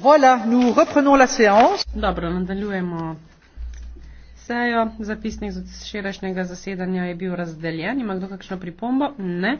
Voilà, nous reprenons la séance. Dobro, nadaljujemo sejo. Zapisnik z včerajšnjega zasedanja je bil razdeljen. Ima kdo kakšno pripombo? Ne.